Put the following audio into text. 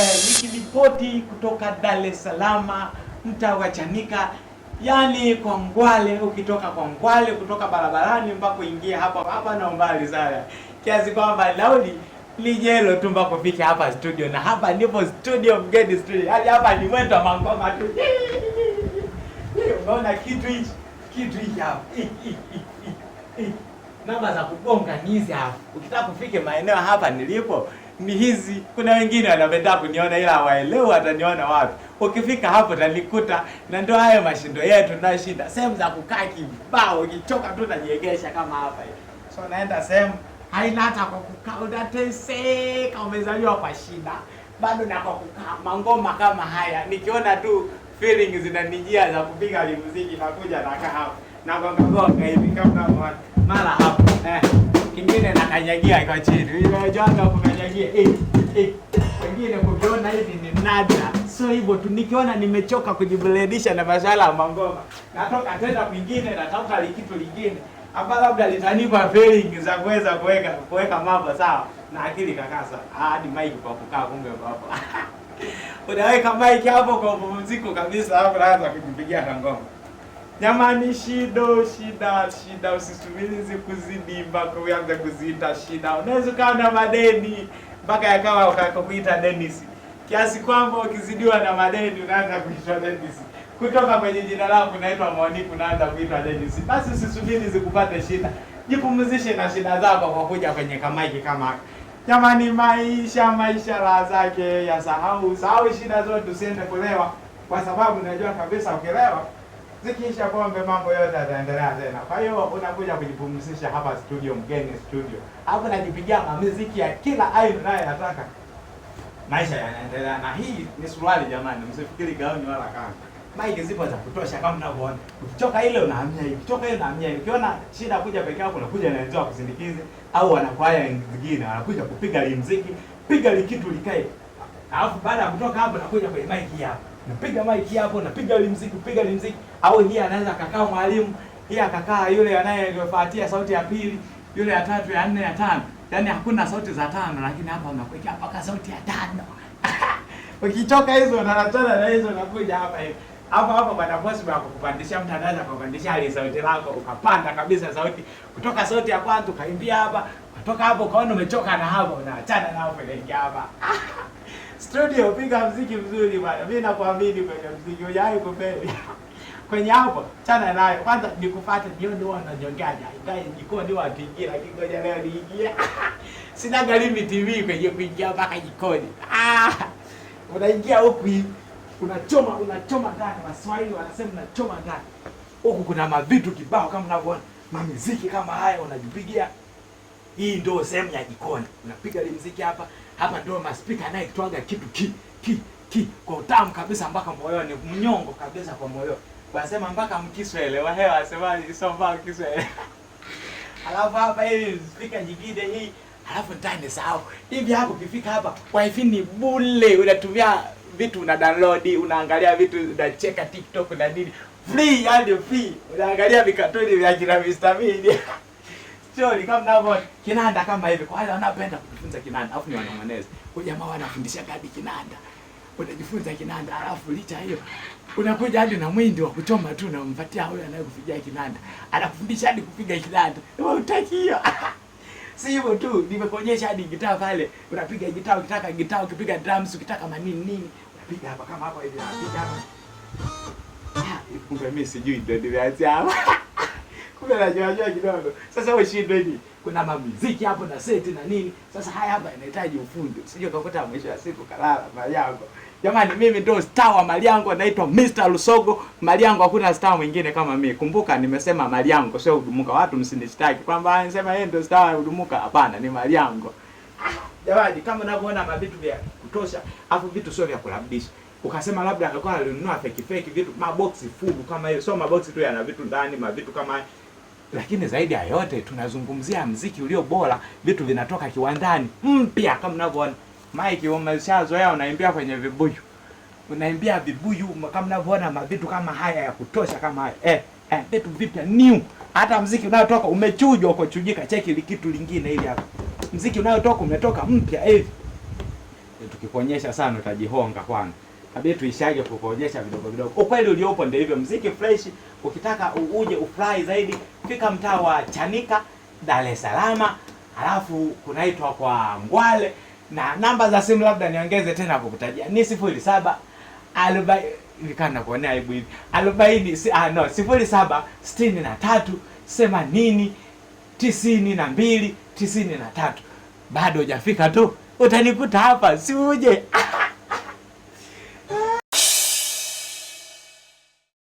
nikiripoti kutoka Dar es Salaam mtaa wa Chanika, kwa Ngwale, ukitoka kwa Ngwale kutoka barabarani mpaka ingie hapa hapa na umbali sana kiasi kwamba nauli ni jelo tu mpaka kufika hapa studio, na hapa ndipo studio mgeni studio, yaani hapa ni mwetu wa mangoma tu. Unaona kitu hichi kitu hichi hapa namba za kugonga nizi hapa, ukitaka kufike maeneo hapa nilipo ni hizi. Kuna wengine wanapenda kuniona ila waelewa wataniona wapi. Ukifika hapo utanikuta, na ndio hayo mashindo yetu tunashinda sehemu za kukaa kibao, ukichoka tu unajiegesha kama hapa hivi, so naenda sehemu haina hata kwa kukaa, unateseka, umezaliwa kwa shida bado na kwa kukaa. Mangoma kama haya nikiona tu feeling zinanijia za kupiga muziki, nakuja na kaa hapo na kwa mgonga hivi kama mara hapo eh kingine nakanyagia kwa chini, unajua kukanyagia eh eh, wengine kukiona hivi ni nadra. So hivyo tu nikiona nimechoka kujiburudisha na mashala ya mangoma, natoka tena kwingine, natafuta likitu lingine hapa labda litanipa feeling za kuweza kuweka kuweka mambo sawa na akili kakasa hadi mike kwa kukaa, kumbe hapo unaweka mike hapo kwa mapumziko kabisa, hapo naanza kujipigia kangoma. Jamani, shido shida shida, usisubiri zikuzidi mpaka uanze kuziita shida. Unaweza ukawa na madeni mpaka yakawa ukakuita Dennis, kiasi kwamba ukizidiwa na madeni unaanza kuitwa Dennis, kutoka kwenye jina lako unaitwa Monique, unaanza kuitwa Dennis. Basi usisubiri zikupate shida, jipumzishe na shida zako kwa kuja kwenye kamaiki kama Jamani, maisha maisha raha zake, yasahau sahau shida zote, usiende kulewa, kwa sababu najua kabisa ukilewa zikiisha kombe mambo yote yataendelea tena. Kwa hiyo unakuja kujipumzisha hapa studio, mgeni studio, hapo najipigia mamiziki ya kila aina unayotaka, maisha yanaendelea. Na hii ni suruali jamani, msifikiri gauni wala kanga. Maiki zipo za kutosha kama mnavyoona. Ukitoka ile unahamia hii. Ukitoka ile unahamia hii. Ukiona shida kuja peke yako unakuja na wenzao kusindikize au wanakwaya wengine wanakuja kupiga limziki, piga likitu likae. Alafu baada ya kutoka hapo nakuja kwenye maiki hapo. Napiga maiki hapo, napiga ile muziki, piga ile muziki. Au hii anaweza akakaa mwalimu, hii akakaa yule anayefuatia sauti ya pili, yule ya tatu, ya nne, ya tano. Yaani hakuna sauti za tano lakini hapa unakuja hapa kwa sauti ya tano. Ukitoka hizo na natana na hizo unakuja hapa hivi. Hapa hapa bwana bosi wako kupandisha mtandaza kwa kupandisha ile sauti lako ukapanda kabisa sauti. Kutoka sauti ya kwanza ukaimbia hapa, kutoka hapo kaona umechoka na hapo unaachana na hapo ile hapa. studio, piga mziki mzuri bwana. Mimi nakuamini kwenye mziki, hujai kupeli kwenye hapo, chana nayo kwanza. Nikupate jioni, huwa nanyogaja ndaye jiko ndio atingia, lakini ngoja leo niingie. Sina galimi TV kwenye kuingia mpaka jikoni. Ah, unaingia huku, unachoma unachoma ndani. Waswahili wanasema unachoma ndani. Huku kuna mavitu kibao kama unavyoona, mamiziki kama haya unajipigia. Hii ndio sehemu ya jikoni, unapiga limziki hapa hapa ndio maspika anayetoaga kitu ki ki ki kwa utamu kabisa mpaka moyoni, mnyongo kabisa kwa moyo. Wanasema mpaka mkiswele wa hewa asema sio mpaka mkiswele. Alafu hapa hii spika nyingine hii, alafu ndani sahau. Hivi hapo ukifika hapa wifi ni bule, unatumia vitu una download, unaangalia vitu, unacheka TikTok na nini. Free, and yaani free. Unaangalia vikatuni vya jina Mr. Media. Chori kama mnavyo kinanda kama hivi. Kwa wale wanapenda kujifunza kinanda, afu ni wanamanezi. Kwa jamaa wanafundisha hadi kinanda. Unajifunza kinanda alafu licha hiyo unakuja hadi na mwindi wa kuchoma tu na umpatia huyo anayekupigia kinanda. Anakufundisha hadi kupiga kinanda. Wewe utaki hiyo. Si hivyo tu, nimekuonyesha hadi gitaa pale. Unapiga gitaa ukitaka gitaa, ukipiga drums ukitaka manini nini. Unapiga hapa kama hapa hivi, unapiga hapa. Ah, ikumbe mimi sijui ndio nimeanzia hapa. Kumbe najuajua kidogo. Sasa ushindwe hivi. Kuna mamuziki hapo na seti na nini. Sasa haya hapa inahitaji ufundi. Usije ukakuta mwisho wa siku kalala Mariango. Jamani mimi ndio star wa Mariango naitwa Mr. Lusogo. Mariango hakuna star mwingine kama mimi. Kumbuka nimesema Mariango sio Udumuka. Watu msinishtaki kwamba anasema yeye ndio star wa Udumuka. Hapana, ni Mariango. Jamani kama unavyoona mabitu vya kutosha, afu vitu sio vya kurabisha. Ukasema labda akakuwa alinunua fake fake vitu maboksi full kama hiyo. Sio maboksi tu yana vitu ndani, mavitu kama hiyo lakini zaidi ya yote tunazungumzia mziki ulio bora, vitu vinatoka kiwandani mpya kama mnavyoona. Mike umeshazoea unaimbia kwenye vibuyu, unaimbia vibuyu kama mnavyoona, mavitu kama haya ya kutosha kama haya eh, eh, vitu vipya new. Hata mziki unayotoka umechujwa kwa chujika, cheki kitu lingine hili hapo, mziki unayotoka umetoka mpya hivi eh. Tukikuonyesha sana utajihonga kwanza nabidi tuishaje kukuonyesha vidogo vidogo. Ukweli uliopo ndio hivyo, mziki fresh. Ukitaka uje ufurahi zaidi, fika mtaa wa Chanika, Dar es Salaam, halafu kunaitwa kwa Ngwale, na namba za simu labda niongeze tena kukutajia ni sifuri saba arobaini nikana kuonea aibu hivi arobaini si, ah, no sifuri saba sitini na tatu themanini tisini na mbili tisini na tatu Bado hujafika tu utanikuta hapa, si uje